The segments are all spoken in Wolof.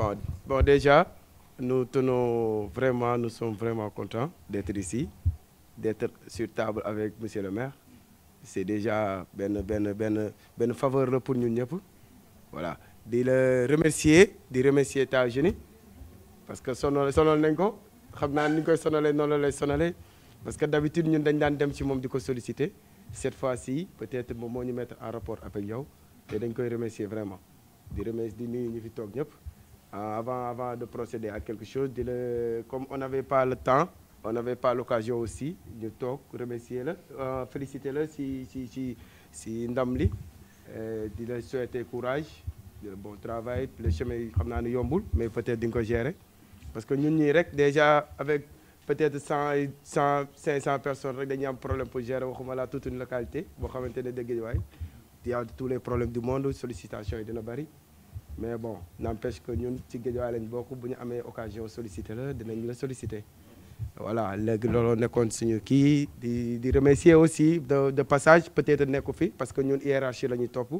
Bon, bon, déjà, nous tenons vraiment, nu sommes vraiment contents d'être ici, d'être sur table avec monsieur le maire. C'est déjà benn benn benn benn faveur la pour ñun ñëpp. Voilà, di la remercier, di remercier ta jeune parce que sonal sonal nañ ko xam naa ni ñu koy sonalee noonu la lay sonalee parce que d'habitude ñun dañ daan dem ci moom di ko solliciter cette fois si peut-être moom moo ñu mettre en rapport avec yow te dañ koy remercier vraiment di remercier di ñu fi toog ñëpp. Euh, avant avant de procéder à quelque chose di la comme on n'avait pas le temps on n'avait pas l'occasion aussi ñu toog remercier la euh, féliciter la si si si si ndam li euh, di la souhaiter courage le bon travail le chemin yi xam naa ne yombul mais peut-être di nga ko gérer parce que ñun ñii rek déjà avec peut-être cent cent cinq cent personnes rek dañuy am problème pour gérer waxuma la tout une localité boo xamante ne dëgg waay y a tous les problèmes du monde sollicitation yi dina bari mais bon n'empêche que ñun ci Guédiawaye lañ bokk bu ñu amee occasion sollicité la dinañ la sollicité voilà léegi looloo nekkoon suñu kii di di remercier aussi de de passage peut-être nekku fi parce que ñun hiérarchie la ñuy topp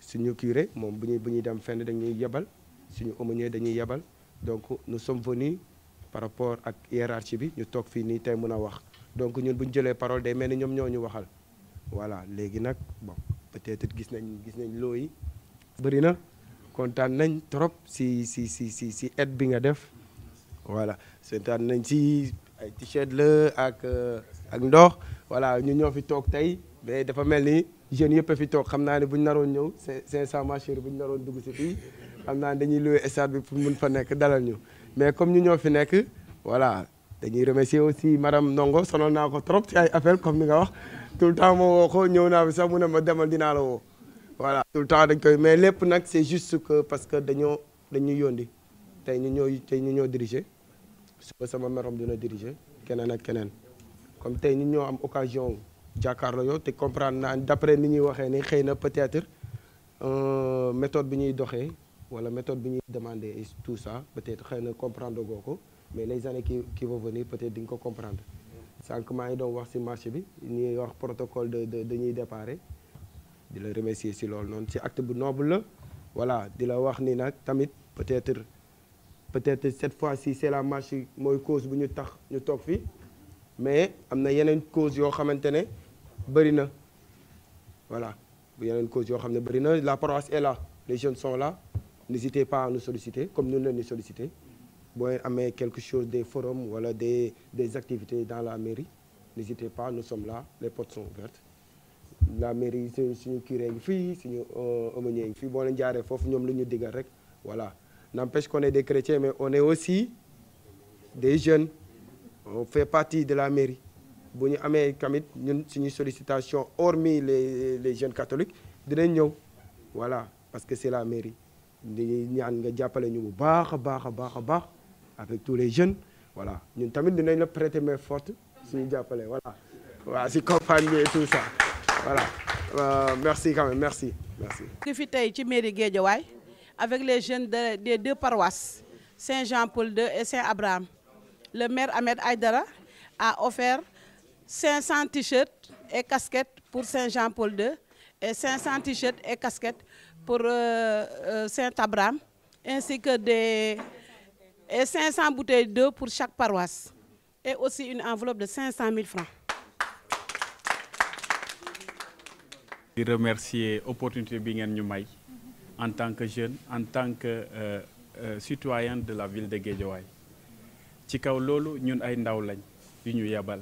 suñu curé moom bu ñuy bu ñuy dem fenn dañuy yebal suñu aumônier dañuy yebal donc nu sommes venus par rapport ak hiérarchie bi ñu toog fii nii tey mën a wax donc ñun bu ñu jëlee parole day mel ni ñoom ñoo ñu waxal voilà léegi nag bon peut-être gis nañ gis nañ looyi bëri na kontaan nañ trop si si si si si bi nga def voilà seetaan nañ si ay t-shirt la ak euh, ak ndox voilà ñu ñoo fi toog tey mais dafa mel ni jeunes yëpp a fi toog xam naa ne buñ naroon ñëw cinq cent marcheurs bu ñu naroon dugg si fii xam naa ne dañuy loué stade bi pour mun fa nekk dalal ñu mais comme ñu ñoo fi nekk voilà dañuy remercier aussi madame Ndongo sonal naa ko trop si ay appel comme ni nga wax tout le temps moo woo ko ñëw naa fi sax mu na ma demal dinaa la woo voilà tout temps dañ koy mais lépp nag c' est juste que parce que dañoo dañu yóndi tey ñu ñoo tey ñu ñoo diriger suba sama merom dina diriger keneen ak keneen comme tey ñu ñoo am occasion jàkkaarloo yow te comprendre naa d' après ni ñuy waxee ni xëy na peut-être euh, méthode bi ñuy doxee wala méthode bi ñuy demandé et tout ça peut-être xëy na comprendre goo ko mais les années qui qui vont venir peut-être di nga ko comprendre sànq maa ngi doon wax ci marché bi ñuy wax protocole de de de ñuy déparé di la remercier si loolu noonu si acte bu noble la voilà di la wax ni nag tamit peut-être peut-être cette fois-ci c'est la marche mooy cause bu ñu tax ñu toog fii mais am na yeneen cause yoo xamante ne bëri na voilà bu yeneen cause yoo xam ne bëri na la paroisse e la les jeunes sont la n'hésitez pas à nous solliciter comme nous leen ni solliciter booy amee quelque chose des forums wala des des activités dans la mairie n'hésitez pas nous sommes la les portes son ouvertes la mairie suñu suñu curé yi fii suñu euh, aumônier yi fii boo leen jaaree foofu ñoom la ñu digal rek voilà n'empêche qu'on est des chrétiens mais on est aussi des jeunes on fait partie de la mairie bu ñu amee tamit ñun suñu sollicitation hormis les les jeunes catholiques dinañ ñëw wala parce que c'est la mairie di ñaan nga jàppale ñu bu baax baax a baax a baax avec tous les jeunes voilà ñun tamit dinañ la prêter main forte suñu jàppale voilà waaw si campagne bi et tout ça voilà euh, merci quand merci fi tey ci mairie Guédiawaye avec les jeunes de des deux paroisses Saint-Jean-Paul II le maire Ahmed Aïdara a offert 500 t-shirts et casquettes pour Saint-Jean-Paul II et 500 et casquettes pour euh, euh, Saint-Abraham ainsi que des et 500 bouteilles d'eau pour chaque paroisse et aussi une enveloppe de 500 000 francs. di remercier opportunité bi ngeen ñu may en tant que jeune en tant que euh, euh, citoyen de la ville de Guédiawaye ci kaw loolu ñun ay ndaw lañ yu ñu yebal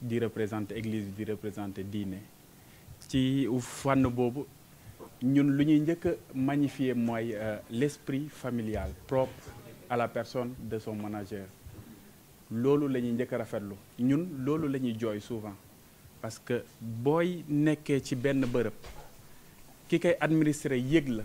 di représenté église di représenter diine ci fànn boobu ñun lu ñuy njëkk a magnifier mooy euh, l'esprit familial propre à la personne de son manager loolu la ñuy njëkk rafetlu ñun loolu la ñuy jooy souvent parce que booy nekkee ci benn bërëb ki koy administré yëg la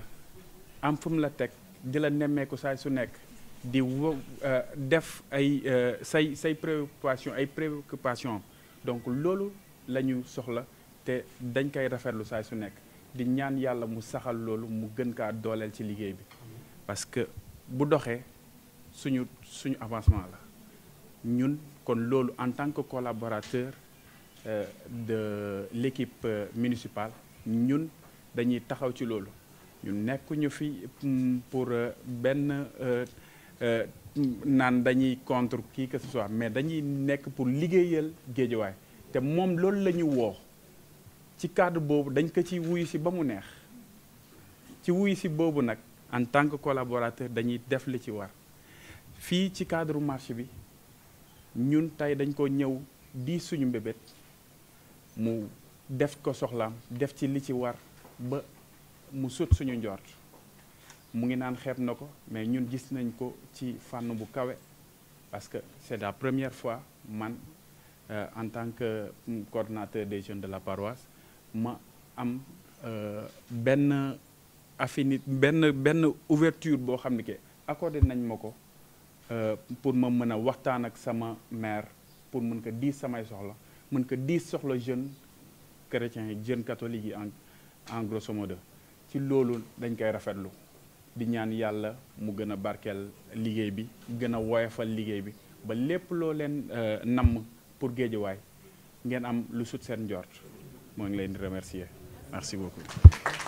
am fu la teg di la nemmeeku saay su nekk di wo euh, def ay euh, say say préoccupation ay préoccupation donc loolu la ñu soxla te dañ koy rafetlu saay su nekk di ñaan yàlla mu saxal loolu mu gën kaa dooleel ci liggéey bi parce que bu doxee suñu suñu avancement la ñun kon loolu en tant que collaborateur Euh, de l'équipe euh, municipale ñun dañuy taxaw ci loolu ñu nekk ñu fi pour euh, benn naan dañuy contre qui que ce soit mais dañuy nekk pour liggéeyal géejawaay te moom loolu la ñu woo ci cadre boobu dañ ko ci wuyu si ba mu neex ci wuyu si boobu nag en tant que collaborateur dañuy def ci war fii ci cadre marché bi ñun tey dañ ko ñëw di suñu mbébét mu def ko soxlaam def ci li ci war ba mu sut suñu njort mu ngi naan xeeb na ko mais ñun gis nañ ko ci fànn bu kawe parce que c'est la première fois man euh, en tant que mm, coordinateur des jeunes de la paroisse ma am euh, benn affinité benn benn ouverture boo xam ne que accordé nañ ma ko euh, pour ma mën a waxtaan ak sama maire pour mën ko diis samay soxla mën ko diis soxla jeunes chrétiens yi jeunes catholiques yi en en grosso ci loolu dañ koy rafetlu di ñaan yàlla mu gën a barkeel liggéey bi gën a woyofal liggéey bi ba lépp loo leen euh, namm pour Guédiawaye ngeen am lu sut seen njort moo ngi leen di remercier merci beaucoup